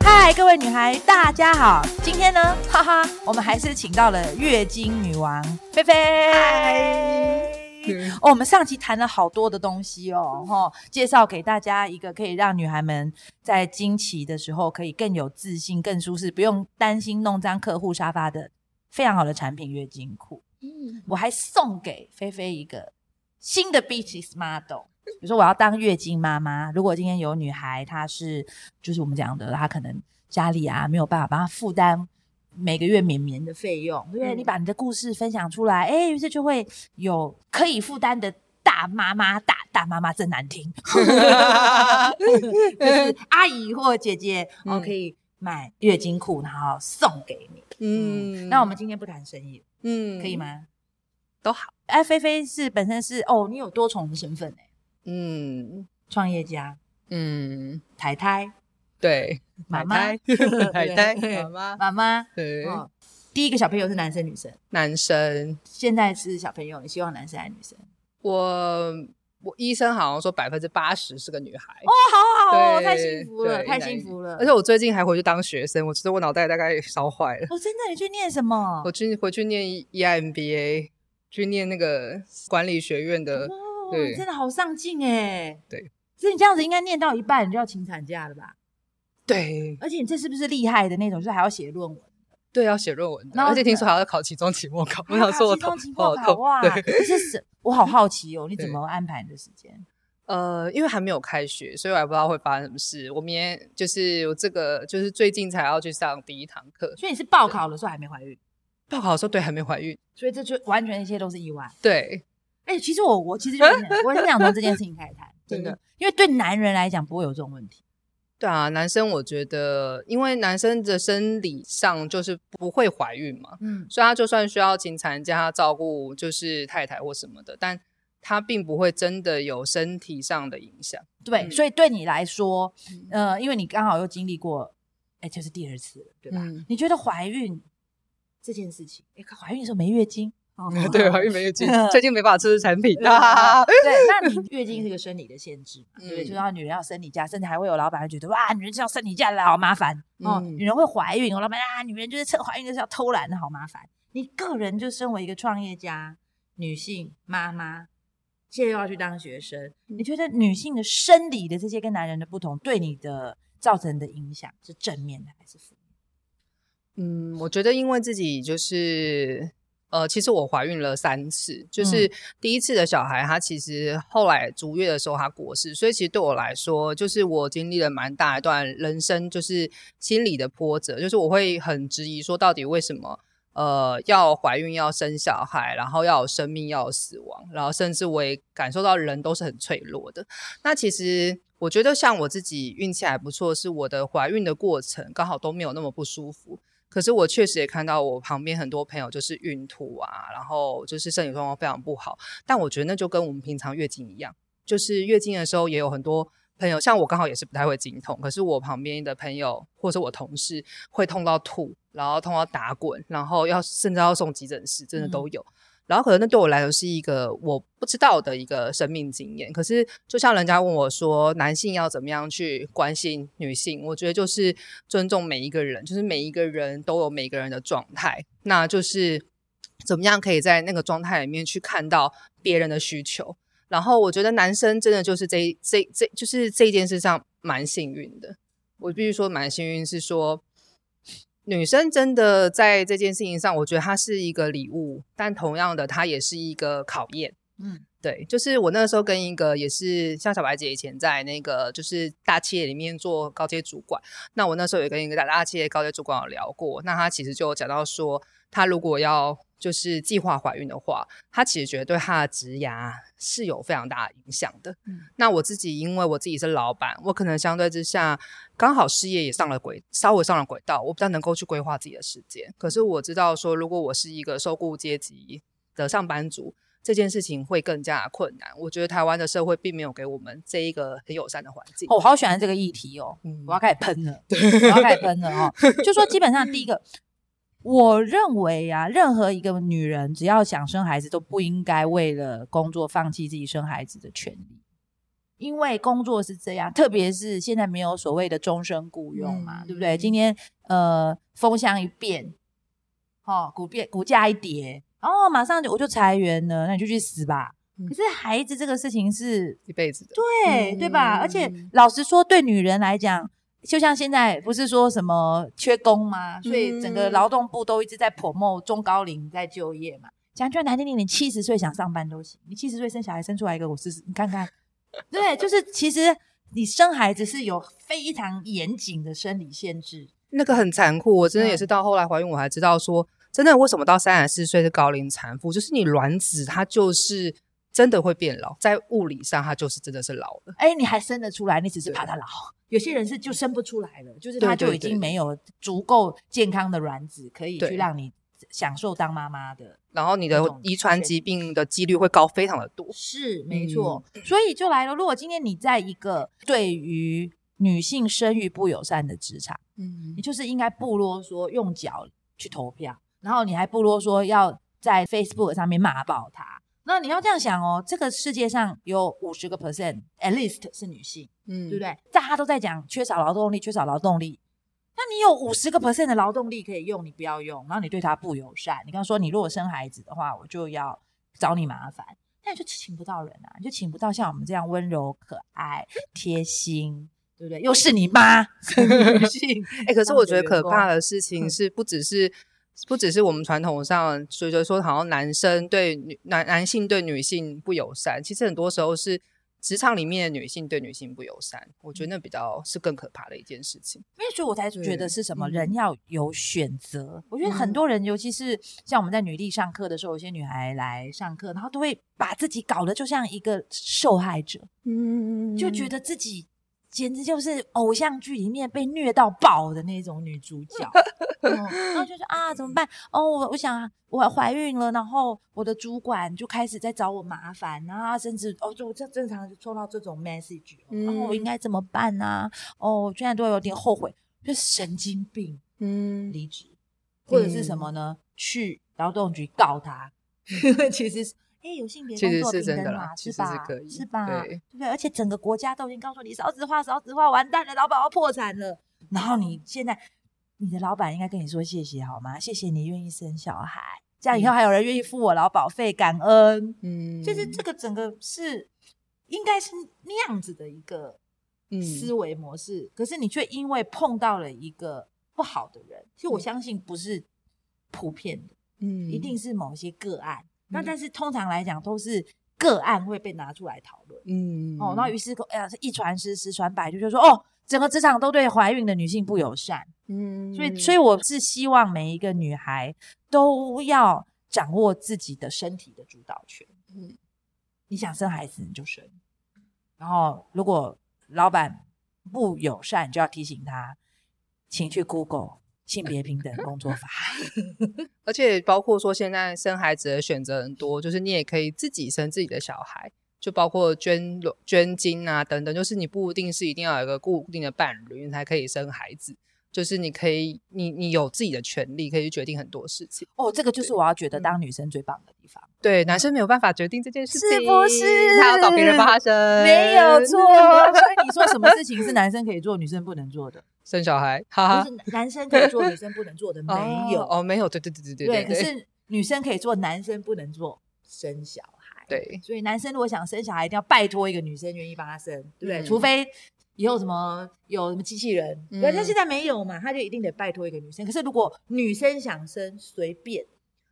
嗨，各位女孩，大家好！今天呢，哈哈，我們還是請到了月經女王妃妃。嗨。我們上期談了好多的東西哦，哦，介紹給大家一個可以讓女孩們在經期的時候可以更有自信、更舒適，不用擔心弄髒客戶沙發的非常好的產品——月經褲。嗯，我還送給菲菲一個新的 business model。比如說，我要當月經媽媽。如果今天有女孩，她是就是我們講的，她可能家裡啊沒有辦法幫她負擔每個月綿綿的費用。對、嗯欸，你把你的故事分享出來，哎、欸，於是就會有可以負擔的大媽媽，大大媽媽真難聽， 就是阿姨或姐姐，我，嗯哦、可以買月經褲，然後送給你。嗯，嗯，那我們今天不談生意。嗯，可以嗎？都好。哎、啊，妃妃是本身是哦，你有多重的身份呢、欸？嗯，創業家，嗯，太太， 對，媽媽，太太，媽媽，媽媽。對、哦，第一個小朋友是男生女生？男生？現在是小朋友，你希望男生還是女生？我。我醫生好像說百分之八十是個女孩。哦，好好，好，太幸福了，太幸福了。而且我最近還回去當學生，我覺得我腦袋大概燒壞了。我、哦、真的？你去念什麼？我去回去念 EIMBA，去念那個管理學院的。哦，哦，哦，哦，真的好上進哎。對。所以你這樣子應該念到一半你就要請產假了吧？對。而且你這是不是厲害的那種？就是還要寫論文。對，要寫論文，嗯，而且聽說還要考期中、期末考。哎、說我想考期中、期末考，考哇！對，其實是我好好奇哦，喔，你怎麼安排的時間？呃，因為還沒有開學，所以我還不知道會發生什麼事。我明天就是我這個，就是最近才要去上第一堂課。所以你是報考的時候還沒懷孕？報考的時候對，還沒懷孕。所以這就完全一切都是意外。對。哎、欸，其實我我其實就很想 我很想從這件事情開始談，真的，因為對男人來講不會有這種問題。對啊，男生我覺得，因為男生的生理上就是不會懷孕嘛，嗯，所以他就算需要請產假照顧就是太太或什麼的，但他並不會真的有身體上的影響。對，嗯、所以對你來說，呃，因為你剛好又經歷過，哎，就是第二次了，對吧？嗯、你覺得懷孕這件事情，哎，可懷孕的時候沒月經。Oh、 對啊，又沒月經最近沒辦法吃產品、 啊。對，那你月經是一個生理的限制嘛， 對， 就是說女人要生理假，甚至還會有老闆會覺得哇，女人要生理假了，好麻煩哦、嗯。女人會懷孕，我老闆啊，女人就是懷孕就是要偷懶的，好麻煩。你個人就身為一個創業家，女性媽媽，現在又要去當學生、嗯，你覺得女性的生理的這些跟男人的不同，對你的造成的影響是正面的還是負面？嗯，我覺得因為自己就是。呃，其實我懷孕了三次，就是第一次的小孩，嗯、他其實後來足月的時候，他過世，所以其實對我來說，就是我經歷了蠻大一段人生，就是心理的波折，就是我會很質疑說，到底為什麼呃要懷孕要生小孩，然後要生命要死亡，然後甚至我也感受到人都是很脆弱的。那其實我覺得，像我自己運氣還不錯，是我的懷孕的過程剛好都沒有那麼不舒服。可是我確實也看到我旁邊很多朋友就是孕吐啊，然後就是身體狀況非常不好。但我覺得那就跟我們平常月經一樣，就是月經的時候也有很多朋友，像我剛好也是不太會經痛。可是我旁邊的朋友或者我同事會痛到吐，然後痛到打滾，然後要甚至要送急診室，真的都有。嗯然後可能那對我來說是一個我不知道的一個生命經驗。可是就像人家問我說，男性要怎麼樣去關心女性？我覺得就是尊重每一個人，就是每一個人都有每個人的狀態。那就是怎麼樣可以在那個狀態裡面去看到別人的需求。然後我覺得男生真的就是這這這就是這件事上蠻幸運的。我必須說蠻幸運是說。女生真的在這件事情上，我覺得她是一個禮物，但同樣的，她也是一個考驗。嗯。對，就是我那時候跟一個也是像小白姐以前在那個就是大企業裡面做高階主管，那我那時候也跟一個大企業高階主管有聊過，那他其實就講到說，他如果要就是計劃懷孕的話，他其實覺得對他的職涯是有非常大的影響的。嗯。那我自己因為我自己是老板，我可能相對之下剛好事業也上了軌，稍微上了軌道，我比較能夠去規劃自己的時間。可是我知道說，如果我是一個受僱階級的上班族，這件事情會更加困難。我覺得台灣的社會並沒有給我們這一個很友善的環境。我、哦、好喜歡這個議題哦，嗯、我要開始噴了， 我要開始噴了哦。 就說基本上第一個， 我認為啊，任何一個女人只要想生孩子，都不應該為了工作放棄自己生孩子的權利，嗯，因為工作是這樣，特別是現在沒有所謂的終身雇傭嘛，嗯、對不對？今天呃，風向一變，吼，股變股價一跌。哦，馬上就我就裁員了，那你就去死吧！嗯、可是孩子這個事情是一輩子的，對、嗯、對吧、嗯？而且老實說，對女人來講，就像現在不是說什麼缺工嗎？嗯、所以整個勞動部都一直在 promote 中高齡在就業嘛。講句難聽點，你七十歲想上班都行，你七十歲生小孩生出來一個，我試試你看看。 對，就是其實你生孩子是有非常嚴謹的生理限制，那個很殘酷。我真的也是到後來懷孕，我才知道說。真的，為什麼到三十四歲是高齡產婦？就是你卵子，它就是真的會變老，在物理上它就是真的是老了。哎、欸，你還生得出來？你只是怕它老。有些人是就生不出來了，就是他就已經沒有足夠健康的卵子可以去讓你享受當媽媽的。然後你的遺傳疾病的幾率會高非常的多。是，沒錯、嗯，所以就來了。如果今天你在一個對於女性生育不友善的職場，嗯，嗯，你就是應該不囉嗦，用腳去投票。然後你還不如說要在 Facebook 上面罵爆他。那你要這樣想哦，這個世界上有五十個 percent at least 是女性，嗯，對不對？大家都在講缺少勞動力，缺少勞動力。那你有五十個 percent 的勞動力可以用，你不要用。然後你對他不友善，你剛剛說你如果生孩子的話，我就要找你麻煩，那你就請不到人啊，你就請不到像我們這樣溫柔、可愛、貼心，對不對？又是你媽 是女性、 欸。可是我覺得可怕的事情是，不只是、嗯。不只是我們傳統上所以說好像男生對女男男性對女性不友善，其實很多時候是職場裡面的女性對女性不友善。我覺得那比較是更可怕的一件事情。嗯、所以我才覺得是什麼、嗯、人要有選擇、嗯。我覺得很多人，尤其是像我們在女力上課的時候，有些女孩來上課，然後都會把自己搞得就像一個受害者，嗯，就覺得自己。簡直就是偶像劇裡面被虐到爆的那種女主角， 然後就說、是、啊，怎麼辦？哦，我我想我懷孕了，然後我的主管就開始在找我麻煩啊，甚至哦就正正常就抽到這種 message，然後我應該怎麼辦呢、啊嗯？哦，我現在都有點後悔，就是、神經病，嗯，離職或者是什麼呢、嗯？去勞動局告他，因、嗯、為 其實。哎、欸，有性別工作平等嘛？其實是真的，是吧？是吧？對對對，而且整個國家都已經告訴你少子化，少子化，完蛋了，老闆要破產了、嗯。然後你現在，你的老板應該跟你說謝謝好嗎？謝謝你願意生小孩，這樣以後還有人願意付我勞保費，感恩。嗯，就是這個整個是應該是那樣子的一個思維模式、嗯，可是你卻因為碰到了一個不好的人，其實我相信不是普遍的，嗯，一定是某些個案。那、嗯、但是通常來講都是個案會被拿出來討論，嗯，哦，那於是哎呀，一傳十，十傳百就，就覺得說哦，整個職場都對懷孕的女性不友善，嗯，所以所以我是希望每一個女孩都要掌握自己的身體的主導權，嗯，你想生孩子你就生，然後如果老板不友善，就要提醒他，請去 Google。性別平等工作法， 而且包括說現在生孩子的選擇很多，就是你也可以自己生自己的小孩，就包括捐捐精啊、等等，就是你不一定是一定要有一個固定的伴侶才可以生孩子，就是你可以，你你有自己的權利可以去決定很多事情。哦，這個就是我要覺得當女生最棒的地方。對、嗯，男生沒有辦法決定這件事情，是不是？他要找別人幫他生，沒有錯。 所以你說什麼事情是男生可以做， 女生不能做的？生小孩，哈哈。男生可以做， 女生不能做的沒有。哦，沒有，對對對對對對，對，可是女生可以做，男生不能做生小孩。對，所以男生如果想生小孩，一定要拜託一個女生願意幫他生，對不對，嗯。除非以後什麼有什麼機器人，可是、嗯、現在沒有嘛，他就一定得拜託一個女生。可是如果女生想生，隨便。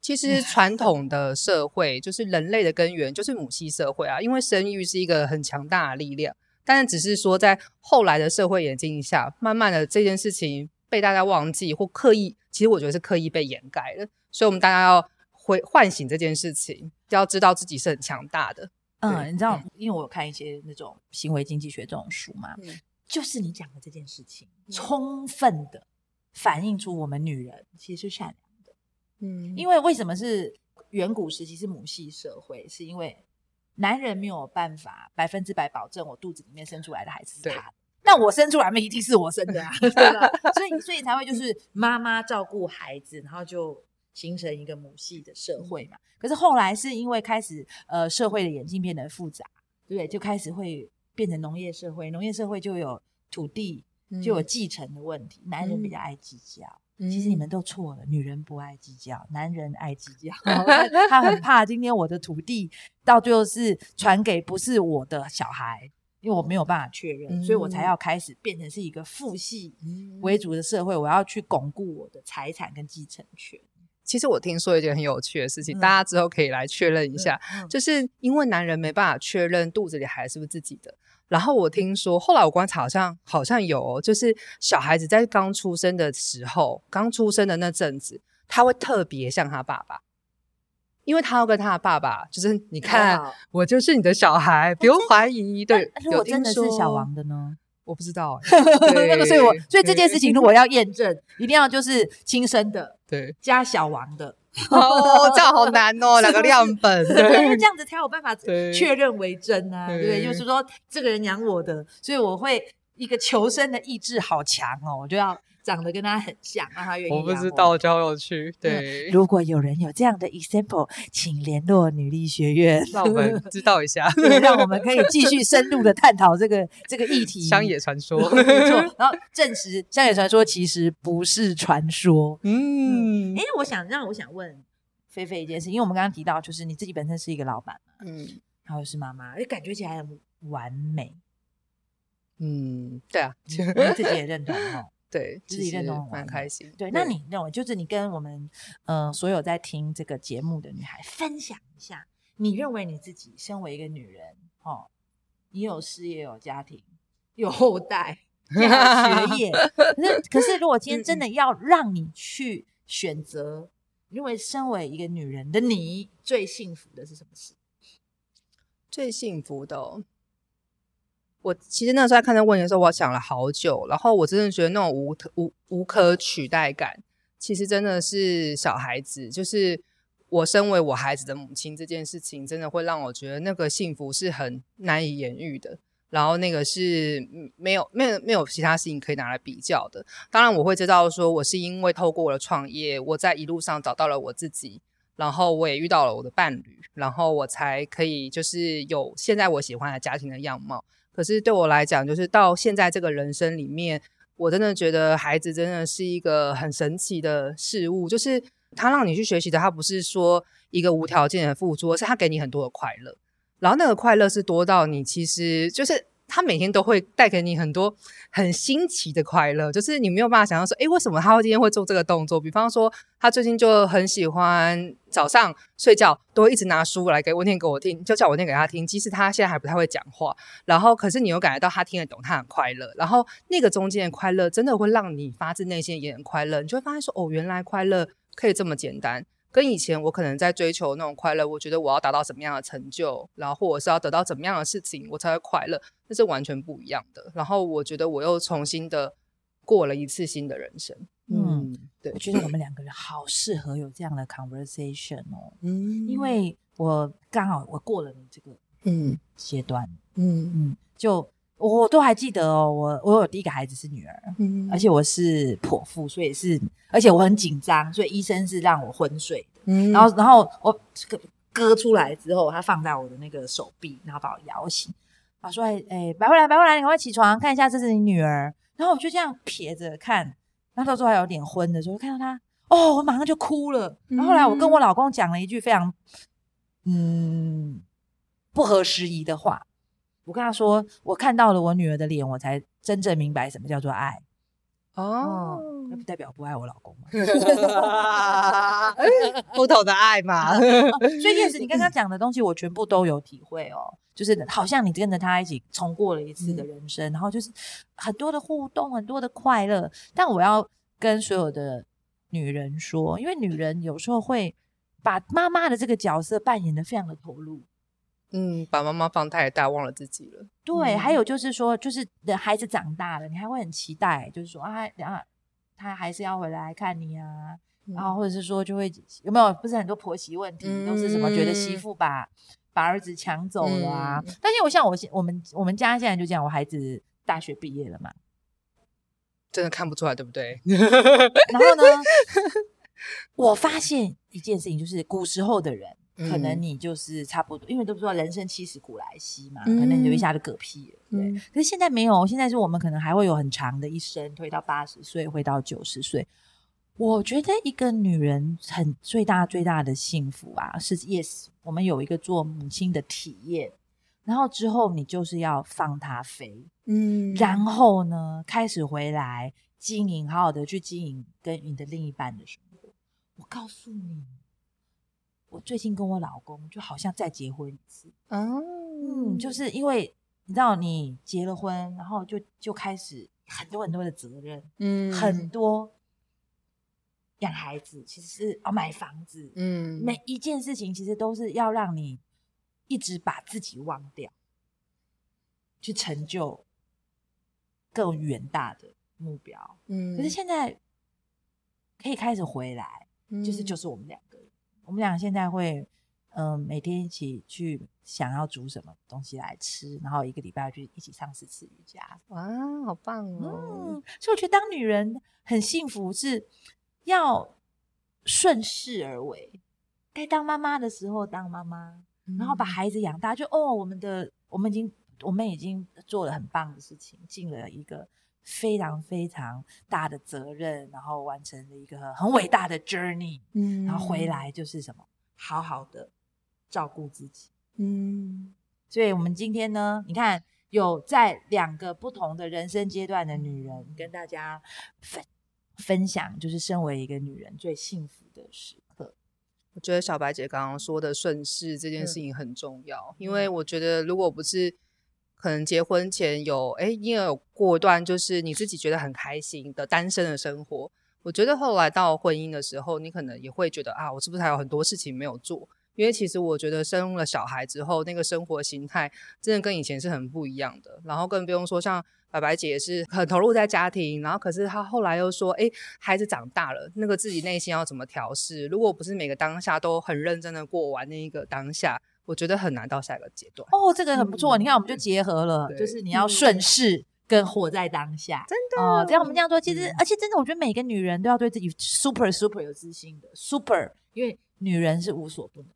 其實傳統的社會就是人類的根源就是母系社會啊，因為生育是一個很強大的力量。但是只是說，在後來的社會演進下，慢慢的這件事情被大家忘記或刻意，其實我覺得是刻意被掩蓋的，所以，我們大家要回喚醒這件事情，要知道自己是很強大的。嗯，你知道，因為我有看一些那種行為經濟學這種書嘛，嗯、就是你講的這件事情、嗯，充分的反映出我們女人其實是善良的。嗯，因為為什麼是遠古時期是母系社會，是因為。男人沒有辦法百分之百保證我肚子裡面生出來的孩子是他的，但我生出來的一定是我生的啊， 所以所以才會就是媽媽照顧孩子，然後就形成一個母系的社會嘛。嗯、可是後來是因為開始呃社會的演進變得複雜，對，對不對？就開始會變成農業社會，農業社會就有土地就有繼承的問題、嗯，男人比較愛計較。其實你們都錯了，女人不愛計較，男人愛計較。 他很怕今天我的土地到最後是傳給不是我的小孩，因為我沒有辦法確認、嗯，所以我才要開始變成是一個父系為主的社會，嗯、我要去鞏固我的財產跟繼承權。其實我聽說一件很有趣的事情、嗯，大家之後可以來確認一下嗯嗯，就是因為男人沒辦法確認肚子裡孩子是不是自己的。然後我聽說，後來我觀察好像好像有哦，就是小孩子在剛出生的時候，剛出生的那陣子，他會特別像他爸爸，因為他要跟他的爸爸，就是你看、哦、我就是你的小孩，不用懷疑，對，但。但是我真的是小王的呢，我不知道。 那個，所以我所以這件事情，如果要驗證， 一定要就是親生的，對，加小王的。哦、oh, oh，這樣好難哦、喔，兩 個樣本是是，對，因為這樣子才有辦法確認為真啊，對，對對，就是說這個人養我的，所以我會一個求生的意志好強哦、喔，我就要。長得跟他很像，讓他願意讓我，我不知道，交友趣。對、嗯，如果有人有這樣的 example，請聯絡女力學院，讓我們知道一下， 讓我們可以繼續深入的探討這個 這個議題。鄉野傳說，沒、哦、錯。然後證實鄉野傳說其實不是傳說。嗯。哎、嗯，我想讓我想問菲菲一件事，因為我們剛剛提到，就是你自己本身是一個老闆嘛，嗯，然後又是媽媽，就感覺起來很完美。嗯，對啊，嗯、你自己也認同 對，自己在開心。對，那你認為就是你跟我們，呃、所有在聽這個節目的女孩分享一下，你認為你自己身為一個女人，你有事業、有家庭、有後代、有學業 可是，可是如果今天真的要讓你去選擇，因為身為一個女人的你、嗯，最幸福的是什麼事？最幸福的、哦。我其實那時候在看到問題的時候，我想了好久。然後我真的覺得那種無無無可取代感，其實真的是小孩子。就是我身為我孩子的母親這件事情，真的會讓我覺得那個幸福是很難以言喻的。然後那個是沒有沒有沒有其他事情可以拿來比較的。當然，我會知道說我是因為透過我的創業，我在一路上找到了我自己，然後我也遇到了我的伴侶，然後我才可以就是有現在我喜歡的家庭的樣貌。可是對我來講，就是到現在這個人生裡面，我真的覺得孩子真的是一個很神奇的事物。就是他讓你去學習的，他不是說一個無條件的付出，是他給你很多的快樂。然後那個快樂是多到你，其實就是。他每天都會帶給你很多很新奇的快樂，就是你沒有辦法想象說，誒，為什麼他會今天會做這個動作？比方說，他最近就很喜歡早上睡覺，都會一直拿書來給我念給我聽，就叫我念給他聽。即使他現在還不太會講話，然後可是你又感覺到他聽得懂，他很快樂。然後那個中間的快樂，真的會讓你發自內心也很快樂。你就會發現說，哦，原來快樂可以這麼簡單。跟以前我可能在追求那種快樂，我覺得我要達到什麼樣的成就，然後或者是要得到怎麼樣的事情，我才會快樂，那是完全不一樣的。然後我覺得我又重新的過了一次新的人生。嗯，對，我覺得我們兩個人好適合有這樣的 conversation 哦。嗯，因為我剛好我過了這個嗯階段，嗯嗯，嗯，就。我都還記得哦，我我有第一個孩子是女兒，嗯、而且我是剖腹，所以是，而且我很緊張，所以醫生是讓我昏睡的。嗯，然後然後我這個割出來之後，他放在我的那個手臂，然後把我搖醒，啊說哎哎、欸、白慧來白慧來，你趕快起床看一下，這是你女兒。然後我就這樣撇着看，然後那時候還有點昏的時候看到她，哦，我馬上就哭了，然後，後來我跟我老公講了一句非常嗯不合時宜的話。我跟他說，我看到了我女兒的臉，我才真正明白什麼叫做愛。哦、啊，那、嗯、不代表不愛我老公嘛， 不同的愛嘛、嗯哦。所以葉子，你剛剛講的東西，我全部都有體會哦。嗯、就是好像你跟着他一起重過了一次的人生，然後就是很多的互動，很多的快樂。但我要跟所有的女人說，因為女人有時候會把媽媽的這個角色扮演的非常的投入。嗯，把媽媽放太大，忘了自己了。對，嗯、還有就是說，就是等孩子長大了，你還會很期待，就是說啊啊，他還是要回來看你啊，嗯、然後或者是說，就會有沒有？不是很多婆媳問題，嗯、都是什麼覺得媳婦把把兒子搶走了啊？嗯、但是，我像我現我們我們家現在就這樣，我孩子大學畢業了嘛，真的看不出來，對不對？然後呢， 我發現一件事情，就是古時候的人。可能你就是差不多，嗯、因為都不知道，人生七十古來稀嘛，嗯，可能你一下子嗝屁了，對、嗯。可是現在沒有，現在是我們可能還會有很長的一生，推到八十歲，推到九十歲。我覺得一個女人很最大最大的幸福啊，是 yes。我們有一個做母親的體驗，然後之後你就是要放她飛，嗯，然後呢，開始回來經營，好好的去經營跟你的另一半的生活。我告訴你。我最近跟我老公就好像再結婚一次。嗯，嗯，就是因為你知道，你結了婚，然後就就開始很多很多的責任，嗯，很多養孩子，其實是哦，買房子，嗯，每一件事情其實都是要讓你一直把自己忘掉，去成就更遠大的目標，嗯，可是現在可以開始回來，嗯，就是就是我們兩個人。我們倆現在會，嗯、呃，每天一起去想要煮什麼東西來吃，然後一個禮拜就一起上十次瑜伽。哇，好棒哦！嗯，所以我覺得當女人很幸福，是要順勢而為，該當媽媽的時候當媽媽，嗯，然後把孩子養大，就哦，我們的我們已經我們已經做了很棒的事情，進了一個，非常非常大的責任，然後完成了一個很偉大的 journey，嗯，然後回來就是什麼，好好的照顧自己，嗯，所以我們今天呢，你看有在兩個不同的人生階段的女人跟大家分，分，分享，就是身為一個女人最幸福的時刻。我覺得小白姐剛剛說的順勢這件事情很重要，嗯，因為我覺得如果不是。可能結婚前有，哎、欸，也有過段，就是你自己覺得很開心的單身的生活。我覺得後來到婚姻的時候，你可能也會覺得啊，我是不是還有很多事情沒有做？因為其實我覺得生了小孩之後，那個生活形態真的跟以前是很不一樣的。然後更不用說像白白姐也是很投入在家庭，然後可是她後來又說，哎、欸，孩子長大了，那個自己內心要怎麼調適？如果不是每個當下都很認真的過完那一個當下。我覺得很難到下一個階段哦，這個很不錯。嗯、你看，我們就結合了、嗯，就是你要順勢跟活在當下，真的哦，只、呃、要我們這樣做，其實、嗯、而且真的，我覺得每個女人都要對自己 super super 有自信的 super，因為女人是無所不能。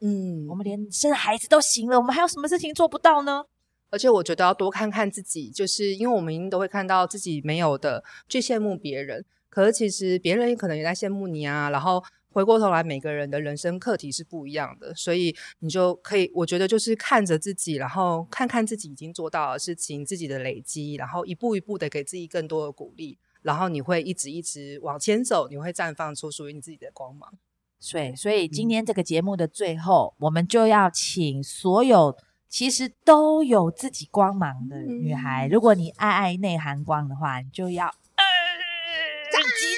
嗯，我們連生孩子都行了，我們還有什麼事情做不到呢？而且我覺得要多看看自己，就是因為我們一定都會看到自己沒有的，去羨慕別人。可是其實別人也可能也在羨慕你啊，然後。回過頭來，每個人的人生課題是不一樣的，所以你就可以，我覺得就是看着自己，然後看看自己已經做到的事情，自己的累積，然後一步一步的給自己更多的鼓勵，然後你會一直一直往前走，你會綻放出屬於你自己的光芒。對，所以今天這個節目的最後、嗯，我們就要請所有其實都有自己光芒的女孩，嗯、如果你愛愛內含光的話，你就要。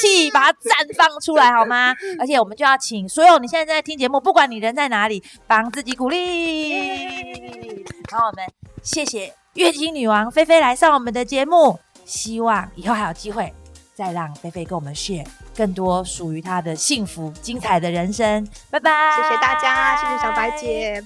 氣把它綻放出來好嗎？ 而且我們就要請所有你現在正在聽節目，不管你人在哪裡，幫自己鼓勵。好，我們謝謝月經女王菲菲來上我們的節目，希望以後還有機會再讓菲菲跟我們 share 更多屬於她的幸福、精彩的人生。拜拜，謝謝大家，謝謝小白姐。